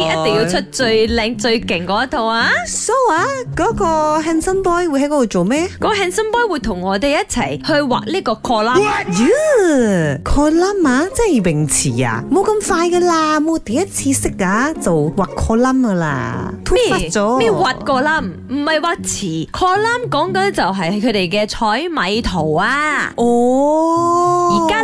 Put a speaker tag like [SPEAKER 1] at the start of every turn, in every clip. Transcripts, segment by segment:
[SPEAKER 1] 一定要出最靚最勁嗰一套啊！So 啊，嗰個 handsome boy 會喺嗰度做咩？嗰個 handsome boy 會同我哋一齊去畫呢個 column。
[SPEAKER 2] 咦，column 啊，即係泳池啊？冇咁快噶啦，冇第一次識噶，就畫 column 噶啦。
[SPEAKER 1] 咩？咩畫個冧？唔係畫池。column 講緊就係佢哋嘅彩米圖啊。哦。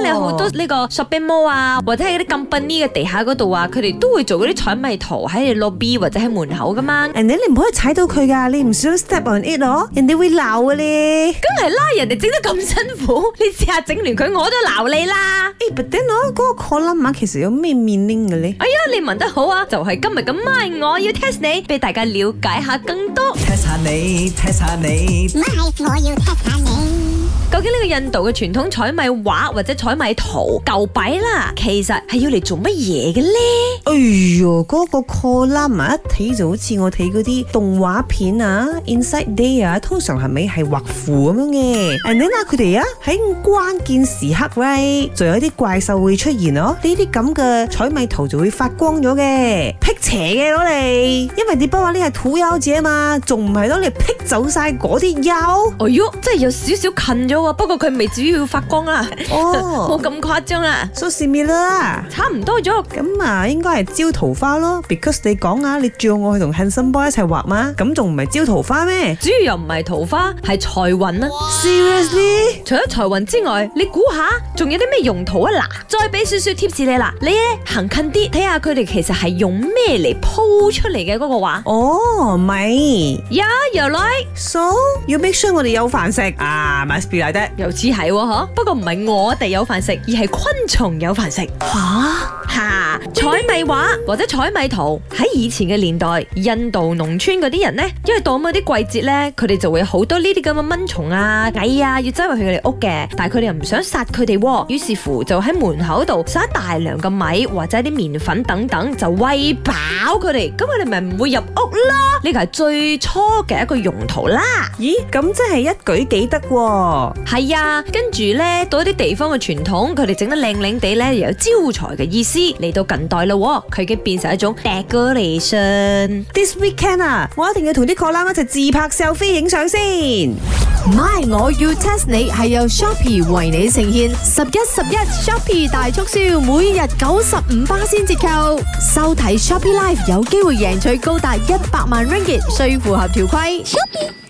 [SPEAKER 1] 有好多呢個 shopping mall 啊，或者喺啲咁笨啲嘅地下嗰度啊，佢哋都會做嗰啲彩迷圖喺你落 b 或者喺門口噶嘛。人哋你唔
[SPEAKER 2] 可以踩到佢噶，你唔想 step on it 咯，人哋會鬧嘅咧。梗
[SPEAKER 1] 係啦，人哋整得咁辛苦，你試下整亂佢，我都鬧你啦。
[SPEAKER 2] 誒，Butino 嗰個 colour n 其實有咩面拎嘅咧？
[SPEAKER 1] 哎呀，你聞得好啊，就係、是、今日咁賣，ine, 我要 test 你，俾大家瞭解下更多。test，test test 下下下你你！試試你。Life, 我要試試你。究竟呢個印度嘅傳統彩米畫或者彩米圖舊弊啦，其實係要嚟做乜嘢嘅
[SPEAKER 2] 咧？哎喲，嗰、那個 column 啊，一睇就好似我睇嗰啲動畫片啊，Inside Day 啊，通常係咪係畫符咁樣嘅？And 佢哋啊喺、啊、關鍵時刻喂，仲、right? 有啲怪獸會出現咯、啊，呢啲咁嘅彩米圖就會發光咗嘅，辟邪嘅攞嚟，因為你不話呢係土
[SPEAKER 1] 妖子啊嘛，仲唔係攞嚟辟走晒嗰啲妖？哎喲，真係有少少近咗喎、啊。不過佢未至於要發光啦，冇咁誇張啦。So similar，差唔
[SPEAKER 2] 多咗。咁啊，應該係招桃花咯，because 你講啊，你叫我去同 Handsome Boy 一齊畫
[SPEAKER 1] 嘛，咁仲唔係招桃花咩？主要又唔係桃花，係財運。Seriously，除咗財運之外，你估下仲有啲咩用途啊？嗱，再俾少少 tips 你啦，你行近啲睇下佢哋其實係用咩嚟鋪出嚟嘅嗰個畫。哦，咪，Yeah，you like？So，要 make sure 我哋有飯食啊 Must be like。由此係喎，不過唔係我哋有飯食，而係昆蟲有飯食。嚇嚇蛤，彩、啊、米畫或者彩米圖喺以前嘅年代，印度農村嗰啲人呢，因為到咁啲季節呢，佢哋就會有好多呢啲咁嘅蚊蟲啊、蟻啊，要擠入去佢哋屋嘅。但係佢哋又唔想殺佢哋，於是乎就喺門口度撒大量嘅米或者啲麵粉等等，就餵飽佢哋。咁佢哋咪唔會入屋咯？呢個係最初嘅一個用途啦。咦，咁即係一舉幾得喎、哦？係啊，跟住呢，到一啲地方嘅傳統，佢哋整得靚靚地呢，又有招財嘅意思。嚟到近代咯，佢已經變成一種 decoration。This weekend 啊，我一定要同啲 caller 一齊自拍 selfie 影相先。My，我要 test 你係由 Shopee 為你呈現十一十一 Shopee 大促銷，每日九十五巴仙折扣。收睇 Shopee Live 有機會贏取高達一百萬 Ringgit，需符合條規。Shopee。